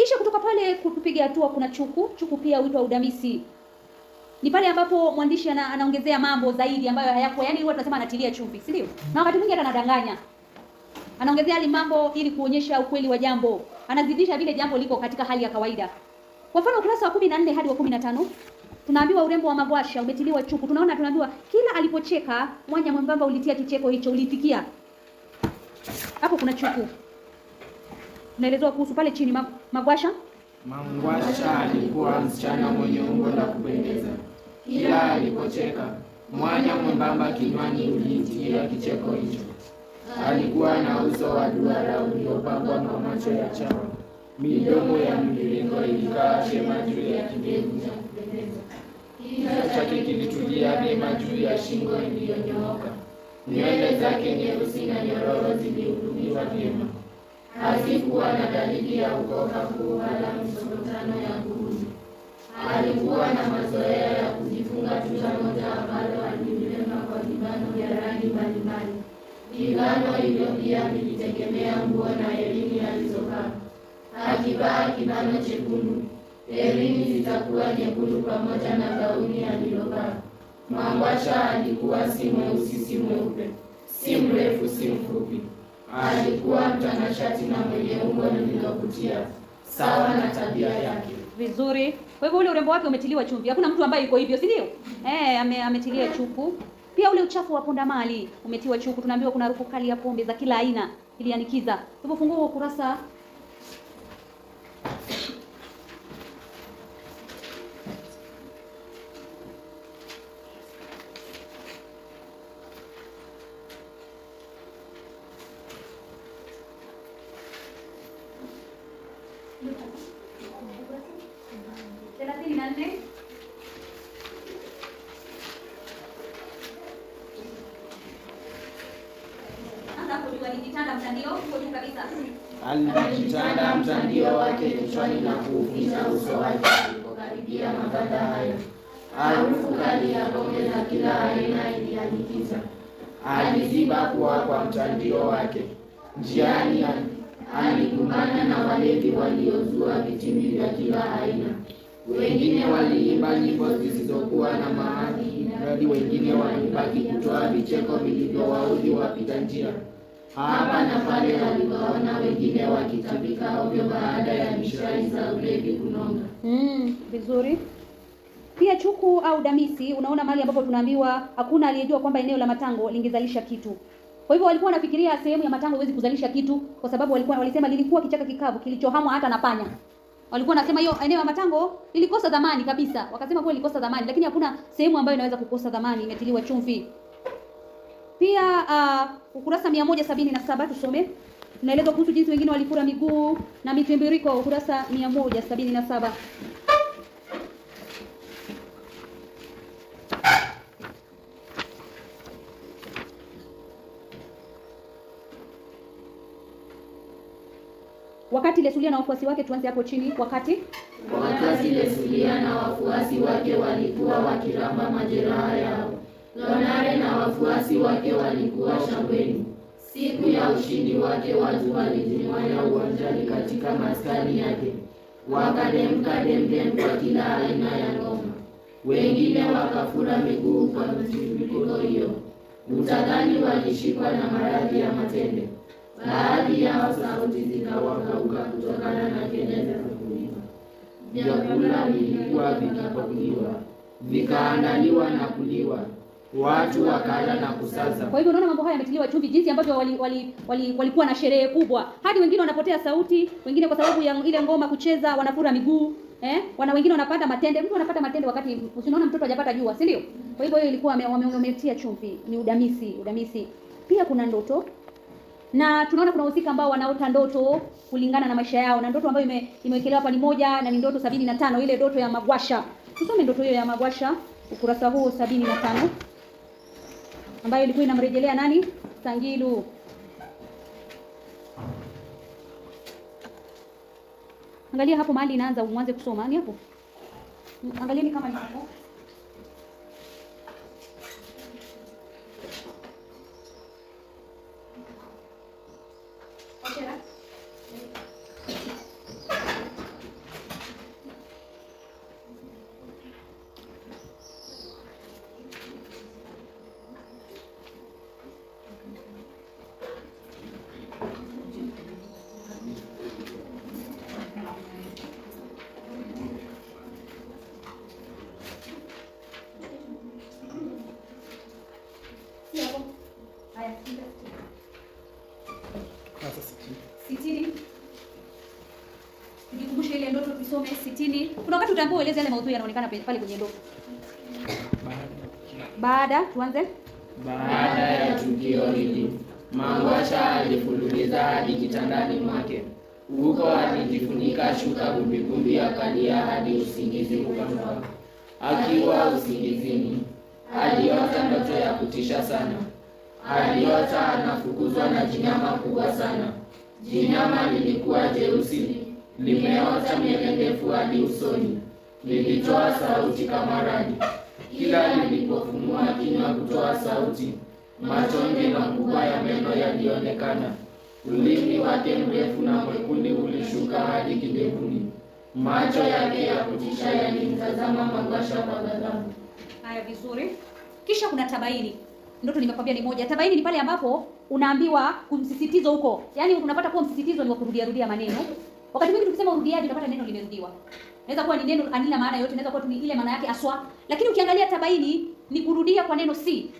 Kisha kutoka pale kupiga hatua kuna chuku. Chuku pia huitwa udamisi. Ni pale ambapo mwandishi ana, anaongezea mambo zaidi ambayo hayako, yani huwa tunasema anatilia chumvi, si ndio? Na wakati mwingine hata anadanganya. Anaongezea hali mambo ili kuonyesha ukweli wa jambo. Anazidisha vile jambo liko katika hali ya kawaida. Kwa mfano ukurasa wa 14 hadi wa 15 tunaambiwa urembo wa Magwasha umetiliwa chuku. Tunaona tunaambiwa kila alipocheka mwanya mwembamba ulitia kicheko hicho ulifikia. Hapo kuna chuku unaelezewa kuhusu pale chini. Magwasha Mangwasha alikuwa msichana mwenye umbo la kupendeza, kila alipocheka mwanya mwembamba kinywani uliingia kicheko hicho. Alikuwa na uso wa duara uliopambwa kwa macho ya chawa, midomo ya mviringo ilikaa shema juu ya kidevu cha kupendeza, kichwa chake kilitulia vyema juu ya shingo iliyonyooka, nywele zake nyeusi na nyororo zilihudumiwa vyema hazikuwa na dalili ya ukoka huu wala misonotano ya nguvu. Alikuwa na mazoea ya kujifunga tuta moja ambalo alililema kwa vibano vya rangi mbalimbali. Vibano hivyo pia vilitegemea nguo na herini alizovaa. Akivaa kibano chekundu, herini zitakuwa nyekundu pamoja na gauni alilovaa. Mangwacha alikuwa si mweusi si mweupe, si mrefu si mfupi alikuwa mtanashati na mwenye umbo lililovutia sawa na tabia yake vizuri. Kwa hivyo ule urembo wake umetiliwa chumvi. Hakuna mtu ambaye yuko hivyo, si ndio? Eh, ame, ametilia chuku. Pia ule uchafu wa ponda mali umetiwa chuku. Tunaambiwa kuna harufu kali ya pombe za kila aina ilianikiza. Hivyo fungua ukurasa అండి Alijitanda mtandio wake kichwani na kuuficha uso wake alipokaribia mabanda haya. Harufu kali ya pombe za kila aina ilianikiza. Aliziba kuwa kwa mtandio wake. Njiani aligumana na walevi waliozua vitimbi vya kila aina wengine waliimba nyimbo zisizokuwa na maana, mradi wengine walibaki kutoa vicheko vilivyowaudhi wapita njia hapa na pale alikaona wengine wakitapika ovyo baada ya mishari za ulevi kunonga. Mm, vizuri. Pia chuku au damisi, unaona mahali ambapo tunaambiwa hakuna aliyejua kwamba eneo la matango lingezalisha kitu. Kwa hivyo walikuwa wanafikiria sehemu ya matango huwezi kuzalisha kitu, kwa sababu walikuwa walisema lilikuwa kichaka kikavu kilichohamwa hata na panya walikuwa wanasema hiyo eneo la Matango lilikosa dhamani kabisa, wakasema kwa ilikosa dhamani, lakini hakuna sehemu ambayo inaweza kukosa dhamani, imetiliwa chumvi. Pia uh, ukurasa mia moja saba tusome, tunaelezwa kuhusu jinsi wengine walikula miguu na mitimbiriko, ukurasa 177 saba. Wakati Lesulia na wafuasi wake, tuanze hapo chini. Wakati wakati Lesulia na wafuasi wake walikuwa wakiramba majeraha yao, Lonare na wafuasi wake walikuwa shambeni. Siku ya ushindi wake, watu walijimwaya uwanjani katika maskani yake, wakademka demdem kwa kila aina ya ngoma, wengine wakafura miguu kwa mtiririko hiyo. Utadhani walishikwa na maradhi ya matende baadhi yao sauti zikawakauka kutokana na kelele za kufunika. Vyakula vilikuwa vikapakuliwa vikaandaliwa na kuliwa, watu wakala na kusaza. Kwa hivyo unaona mambo haya yametiliwa chumvi, jinsi ambavyo walikuwa wali, wali, wali na sherehe kubwa, hadi wengine wanapotea sauti, wengine kwa sababu ya ile ngoma kucheza wanafura miguu Eh, wana wengine wanapata matende, mtu anapata matende wakati usinaona mtoto hajapata jua, si ndio? Kwa hivyo hiyo ilikuwa wamemetia chumvi, ni udamisi, udamisi. Pia kuna ndoto na tunaona kuna wahusika ambao wanaota ndoto kulingana na maisha yao, na ndoto ambayo ime, imewekelewa hapa ni moja na ni ndoto sabini na tano ile ndoto ya Magwasha. Tusome ndoto hiyo ya Magwasha, ukurasa huo sabini na tano ambayo ilikuwa inamrejelea nani? Sangilu. Angalia hapo mahali inaanza, umwanze kusoma ni hapo, angalia ni kama ni hapo Kuna wakati utaambiwa ueleze yale maudhui yanaonekana pale kwenye ndoo. Baada tuanze. Baada ya tukio hili, Mangwasha alifululiza hadi kitandani mwake. Huko alijifunika shuka gubigumbi, akalia hadi usingizi ukampa. Akiwa usingizini, aliota ndoto ya kutisha sana. Aliota anafukuzwa na jinyama kubwa sana. Jinyama lilikuwa jeusi limeota ndefu hadi usoni, lilitoa sauti kama radi. Kila nilipofunua kinywa kutoa sauti, machonge makubwa ya meno yalionekana. Ulimi wake mrefu na mwekundu ulishuka hadi kidevuni. Macho yake ya kutisha yalimtazama Magwasha kwa ghadhabu. Haya, vizuri. Kisha kuna tabaini. Ndoto nimekwambia ni moja. Tabaini ni pale ambapo unaambiwa kumsisitizo huko, yaani unapata kuwa msisitizo ni wa kurudia rudia maneno Wakati mwingi tukisema urudiaji utapata neno limerudiwa. Inaweza kuwa ni neno anila ah, maana yote, inaweza kuwa tu ile maana yake aswa. Lakini ukiangalia tabaini ni kurudia kwa neno si.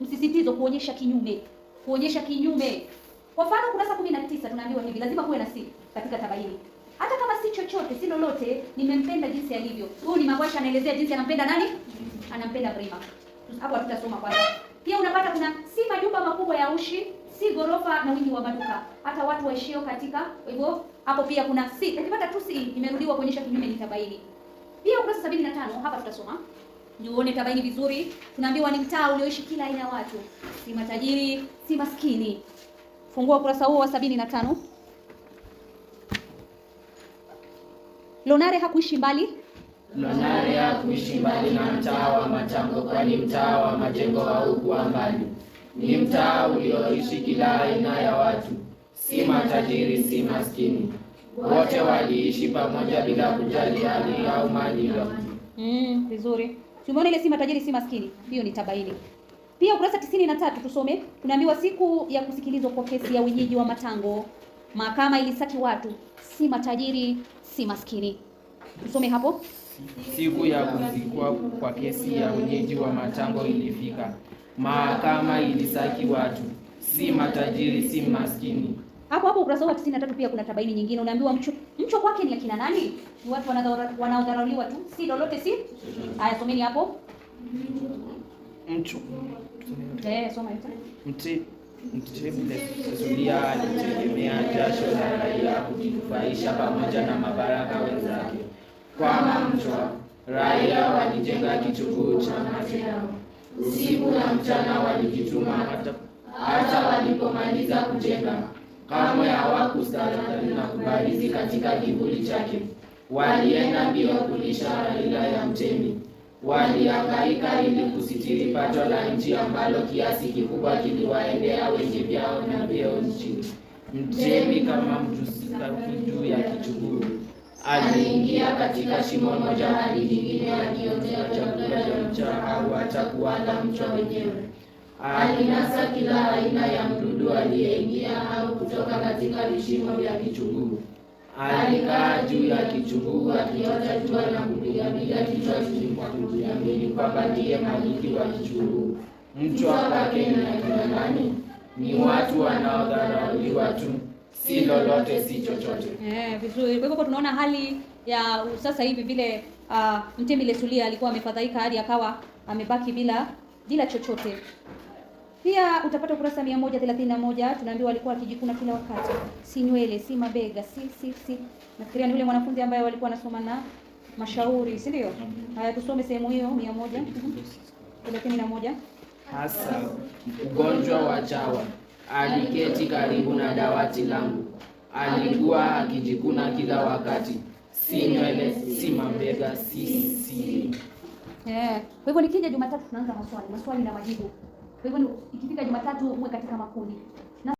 Msisitizo kuonyesha kinyume. Kuonyesha kinyume. Kwa mfano kurasa 19 tunaambiwa hivi, lazima kuwe na si katika tabaini. Hata kama si chochote, si lolote, nimempenda jinsi alivyo. Huyu ni Mabwasha anaelezea jinsi anampenda nani? Anampenda Brima. Hapo hatutasoma kwanza. Pia unapata kuna si majumba makubwa ya ushi, si gorofa na wingi wa maduka. Hata watu waishio katika hivyo hapo pia kuna si ukipata tu imerudiwa kuonyesha kinyume ni tabaini. Pia ukurasa tano hapa tutasoma. Jione tabaini vizuri. Tunaambiwa ni mtaa ulioishi kila aina ya watu. Si matajiri, si maskini. Fungua ukurasa huo wa tano. Lonare hakuishi mbali. Lonare hakuishi mbali na mtaa wa Matango kwani mtaa wa Majengo haukuwa mbali. Ni mtaa ulioishi kila aina ya watu si matajiri, si maskini, wote waliishi pamoja bila kujali hali au mali ya mtu. Mm, vizuri, tumeona ile si matajiri, si maskini, hiyo ni tabaini. Pia ukurasa tisini na tatu tusome, tunaambiwa siku ya kusikilizwa kwa kesi ya wenyeji wa Matango, mahakama ilisaki watu si matajiri, si maskini. Tusome hapo. Siku ya kuzikwa kwa kesi ya wenyeji wa Matango ilifika, mahakama ilisaki watu si matajiri, si maskini hapo hapo ukurasa wa 93 pia kuna tabaini nyingine unaambiwa mcho mcho kwake ni akina nani? Ni watu wanaodharauliwa tu, si lolote si? Haya someni hapo. Mcho. Eh, soma hiyo. Mti kusudia alitegemea jasho la raia kujinufaisha pamoja na mabaraka wenzake. Kwa mchwa, raia walijenga kichuguu cha mate yao. Usiku na mchana walijituma hata walipomaliza kujenga kamwe hawakustaarabu na kubarizi katika kivuli chake. Walienda mbio kulisha harira ya mtemi, waliangaika ili kusitiri pato la nchi ambalo kiasi kikubwa kiliwaendea wengi vyao na vyeo nchini. Mtemi kama mjusi juu ya kichuguru aliingia katika shimo moja hadi jingine, akiotea chakula cha mchana au hata kuwala mchwa wenyewe alinasa kila aina ya mdudu aliyeingia au kutoka katika vishimo vya kichuguu. Alikaa juu ya kichuguu akiota jua na kupigapiga kichwa chini kwa kujiamini kwamba ndiye maliki wa kichuguu. Mchwa wake na kina nani? Ni watu wanaodharauliwa tu, si lolote, si chochote. Eh, vizuri. Kwa hivyo tunaona hali ya sasa hivi vile uh, Mtemi Lesulia alikuwa amefadhaika hadi akawa amebaki bila bila chochote. Pia utapata ukurasa 131 tunaambiwa alikuwa akijikuna kila wakati, si nywele, si mabega, si si si. Nafikiria ni yule mwanafunzi ambaye walikuwa anasoma na mashauri, si ndio? Haya, tusome sehemu hiyo 100 31. Hasa mgonjwa wa chawa aliketi karibu na dawati langu, alikuwa akijikuna kila wakati, si nywele, si mabega, si si. yeah. Kwa hivyo nikija Jumatatu tunaanza maswali, maswali na majibu. Kwa hivyo ikifika Jumatatu mwe katika makundi.